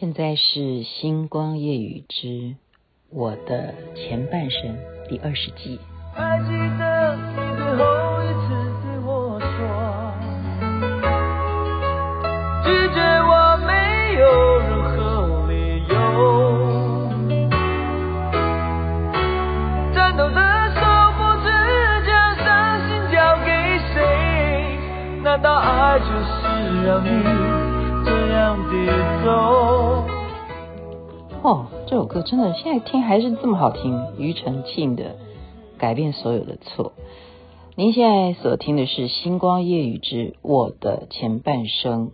現在是星光夜語之我的前半生第二十集。還記得最後一次對我說拒絕我沒有任何理由，顫抖的手不知將傷心交給誰，難道愛就是讓你這樣的走？哦，這首歌真的現在聽還是這麼好聽，庾澄慶的《改變所有的錯》。您現在所聽的是《星光夜語之我的前半生》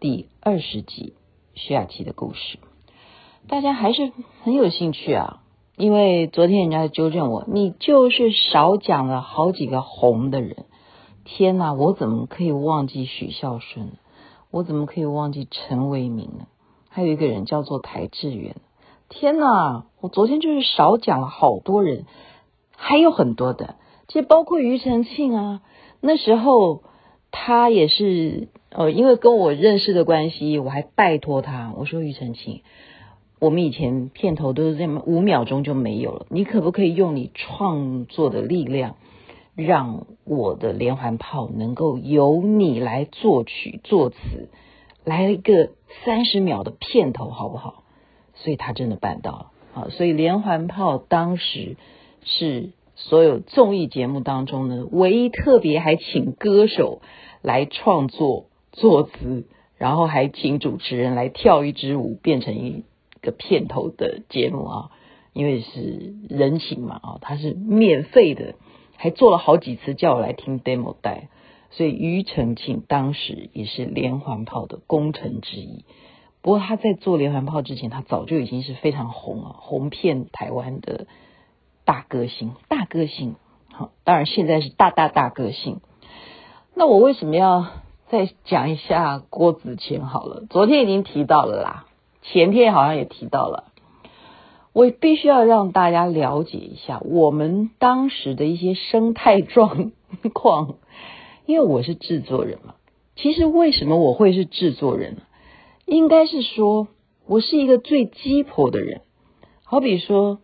第二十集徐雅琪的故事。大家還是很有興趣啊，因為昨天人家糾正我，你就是少講了好幾個紅的人。天吶，我怎麼可以忘記許效舜呢？我怎麼可以忘記陳為民呢？還有一個人叫做台志遠，天哪！我昨天就是少講了好多人，還有很多的，其實包括庾澄慶啊。那時候他也是，呃、哦，因為跟我認識的關係，我還拜托他，我說庾澄慶，我們以前片頭都是這麼五秒鐘就沒有了，你可不可以用你創作的力量，讓我的連環泡能夠由你來作曲作詞？來了一個三十秒的片頭，好不好？所以他真的辦到了啊！所以《連環泡》當時是所有綜藝節目當中呢，唯一特別還請歌手來創作作詞，然後還請主持人來跳一支舞變成一個片頭的節目啊！因為是人情嘛啊，他是免費的，還做了好幾次叫我來聽 demo 帶。所以，庾澄慶當時也是連環泡的功臣之一。不過，他在做連環泡之前，他早就已經是非常紅啊，紅遍台灣的大歌星，大歌星。好，當然現在是大大大歌星。那我為什麼要再講一下郭子乾？好了，昨天已經提到了啦，前天好像也提到了。我必須要讓大家了解一下我們當時的一些生態狀況。因為我是製作人嘛，其實為什麼我會是製作人呢？應該是說，我是一個最雞婆的人，好比說，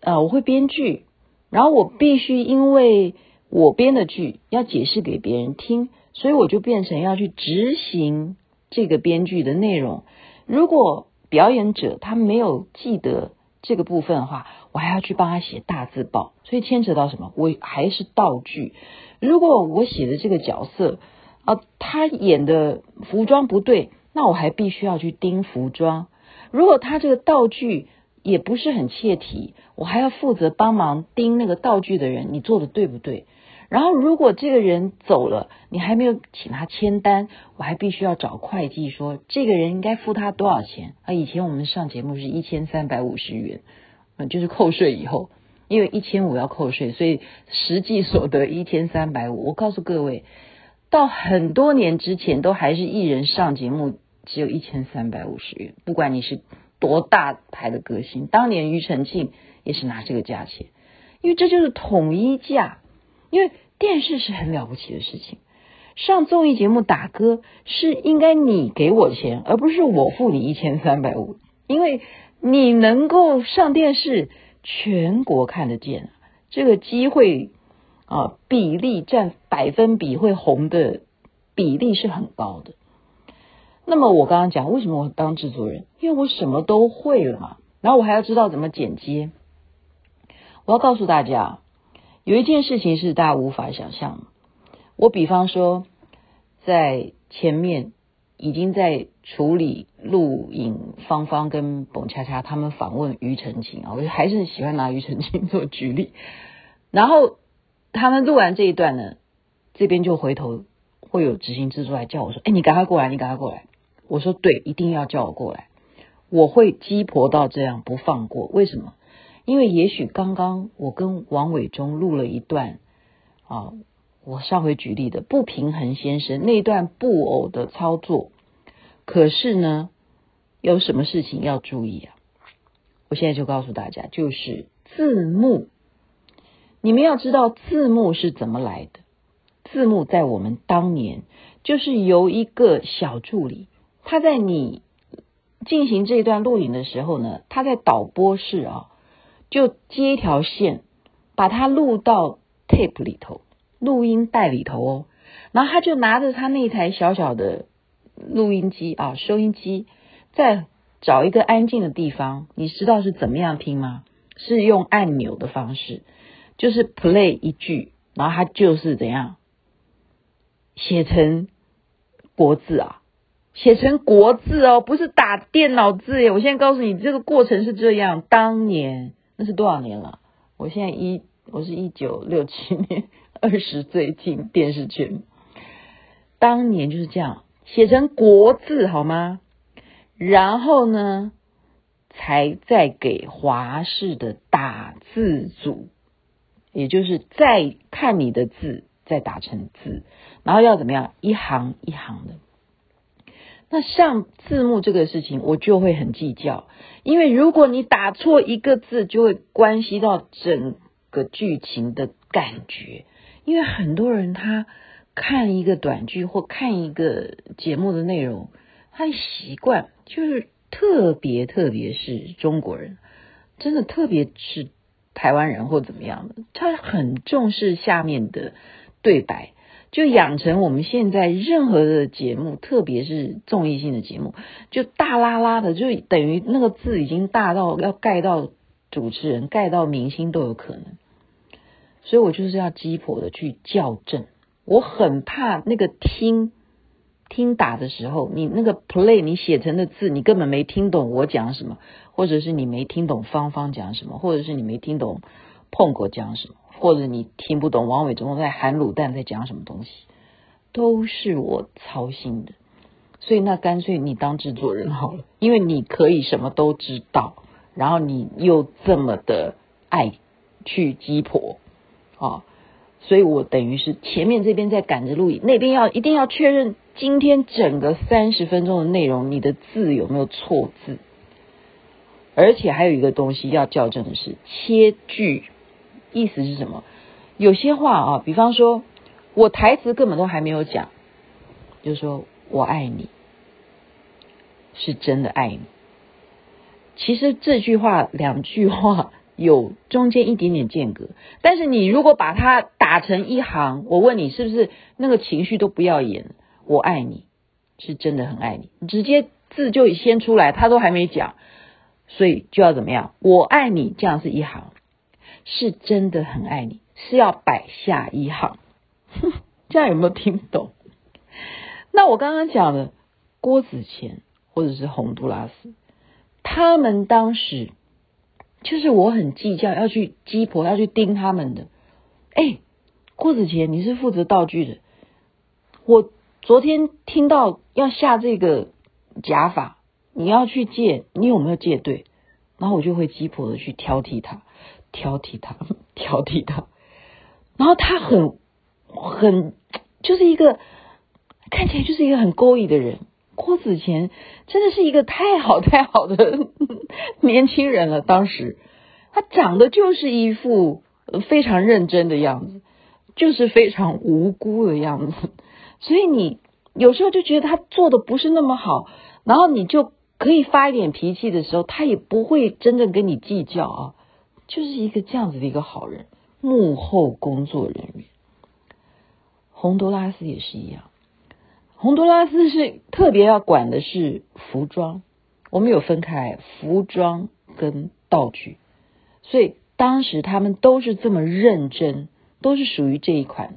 呃，我會編劇，然後我必須因為我編的劇要解釋給別人聽，所以我就變成要去執行這個編劇的內容。如果表演者他沒有記得這個部分的話，我還要去幫他寫大字報，所以牽扯到什麼？我還是道具。如果我寫的這個角色啊，他演的服裝不對，那我還必須要去盯服裝。如果他這個道具也不是很切題，我還要負責幫忙盯那個道具的人，你做的對不對？然後如果這個人走了，你還沒有請他簽單，我還必須要找會計說，這個人應該付他多少錢？啊，以前我們上節目是一千三百五十元。就是扣稅以後，因為一千五要扣稅，所以實際所得一千三百五。我告訴各位，到很多年之前都還是藝人上節目只有一千三百五十元，不管你是多大牌的歌星，當年庾澄慶也是拿這個價錢，因為這就是統一價。因為電視是很了不起的事情，上綜藝節目打歌是應該你給我錢，而不是我付你一千三百五，因為。你能夠上電視，全國看得見，這個機會啊，比例占百分比會紅的比例是很高的。那麼我剛剛講，為什麼我當制作人？因為我什麼都會了嘛，然後我還要知道怎麼剪接。我要告訴大家，有一件事情是大家無法想象的。我比方說，在前面。已經在處理錄影，方芳跟澎恰恰他們訪問庾澄慶啊，我就還是喜歡拿庾澄慶做舉例。然後他們錄完這一段呢，這邊就回頭會有執行制作來叫我說：“哎，你趕快過來，你趕快過來。”我說：“對，一定要叫我過來，我會雞婆到這樣不放過。”為什麼？因為也許剛剛我跟王偉忠錄了一段啊。我上回舉例的不平衡先生那段布偶的操作，可是呢，有什麼事情要注意啊？我現在就告訴大家，就是字幕。你們要知道字幕是怎麼來的。字幕在我們當年就是由一個小助理，他在你進行這一段錄影的時候呢，他在導播室啊、哦，就接一條線，把它錄到 tape 裡頭。錄音帶裡頭哦，然後他就拿着他那台小小的錄音機啊、哦，收音機，在找一個安靜的地方。你知道是怎麼樣聽嗎？是用按鈕的方式，就是 play 一句，然後他就是怎樣寫成國字啊，寫成國字哦，不是打電腦字耶。我現在告訴你，這個過程是這樣。當年那是多少年了？我現在一，我是一九六七年。二十最近電視圈，當年就是這樣寫成國字好嗎？然後呢，才再給華視的打字組，也就是再看你的字，再打成字，然後要怎麼樣一行一行的。那上字幕這個事情，我就會很計較，因為如果你打錯一個字，就會關係到整個劇情的感覺。因為很多人他看一個短劇或看一個節目的內容，他習慣就是特別，特別是中國人，真的特別是台灣人或怎麼樣的，他很重視下面的對白，就養成我們現在任何的節目，特別是綜藝性的節目，就大喇喇的，就等於那個字已經大到要蓋到主持人、蓋到明星都有可能。所以我就是要雞婆的去校正，我很怕那個聽聽打的時候，你那個 play 你寫成的字，你根本沒聽懂我講什麼，或者是你沒聽懂芳芳講什麼，或者是你沒聽懂碰過講什麼，或者你聽不懂王偉忠在喊滷蛋在講什麼東西，都是我操心的。所以那乾脆你當製作人好了，因為你可以什麼都知道，然後你又這麼的愛去雞婆。啊、哦，所以我等於是前面這邊在趕着錄影，那邊要一定要確認今天整個三十分鐘的內容，你的字有沒有錯字？而且還有一個東西要校正的是切句，意思是什麼？有些話啊，比方說我台詞根本都還沒有講，就說我愛你，是真的愛你。其實這句話兩句話。有中間一點點間隔，但是你如果把它打成一行，我問你，是不是那個情緒都不要演？我愛你是真的很愛你，直接字就先出來，他都還沒講，所以就要怎麼樣？我愛你這樣是一行，是真的很愛你，是要擺下一行，哼，這樣有沒有聽懂？那我剛剛講的郭子乾或者是洪都拉斯，他們當時。就是我很計較，要去雞婆，要去盯他們的。哎、欸，郭子乾，你是負責道具的。我昨天聽到要下這個假髮，你要去借，你有沒有借對？然後我就會雞婆的去挑剔他，挑剔他，挑剔他。然後他很很就是一個看起來就是一個很勾引的人。郭子乾真的是一個太好太好的年輕人了。當時他長得就是一副非常認真的樣子，就是非常無辜的樣子。所以你有時候就覺得他做的不是那麼好，然後你就可以發一點脾氣的時候，他也不會真正跟你計較啊。就是一個這樣子的一個好人，幕後工作人員。洪都拉斯也是一樣。洪都拉斯是特別要管的是服裝，我們有分開服裝跟道具，所以當時他們都是這麼認真，都是屬於這一款。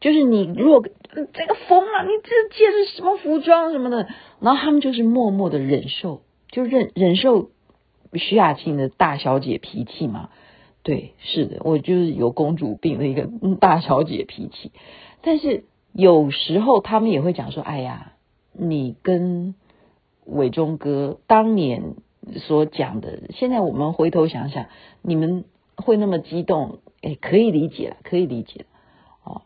就是你如果這個縫了，啊，你這件是什麼服裝什麼的，然後他們就是默默的忍受，就忍忍受徐雅琪的大小姐脾氣嘛。對，是的，我就是有公主病的一個大小姐脾氣，但是。有時候他們也會講說：“哎呀，你跟偉忠哥當年所講的，現在我們回頭想想，你們會那麼激動，哎，可以理解了，可以理解了。”哦，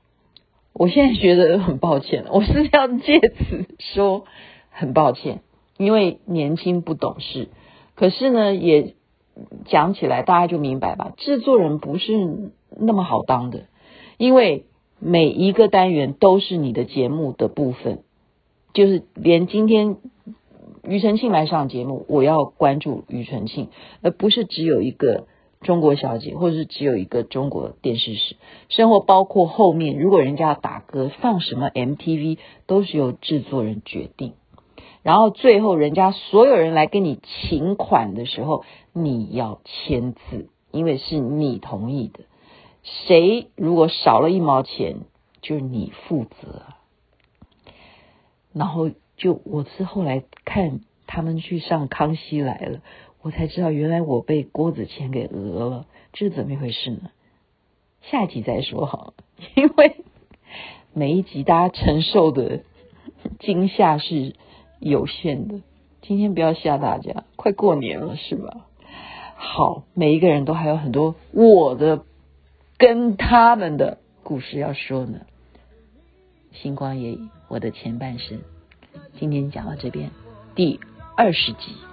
我現在覺得很抱歉，我是要借此說很抱歉，因為年輕不懂事。可是呢，也講起來大家就明白吧。制作人不是那麼好當的，因為。每一個單元都是你的節目的部分，就是連今天庾澄慶來上節目，我要關注庾澄慶，而不是只有一個中國小姐，或者是只有一個中國電視史。生活包括後面，如果人家要打歌，放什麼 MTV，都是由制作人決定。然後最後人家所有人來跟你請款的時候，你要簽字，因為是你同意的。誰如果少了一毛錢，就是你負責。然後就我是後來看他們去上《康熙來了》，我才知道原來我被郭子乾給訛了，這是怎麼一回事呢？下一集再說好，因為每一集大家承受的驚嚇是有限的。今天不要嚇大家，快過年了是吧？好，每一個人都還有很多我的。跟他們的故事要說呢，《星光夜語》，我的前半生，今天講到這邊，第二十集。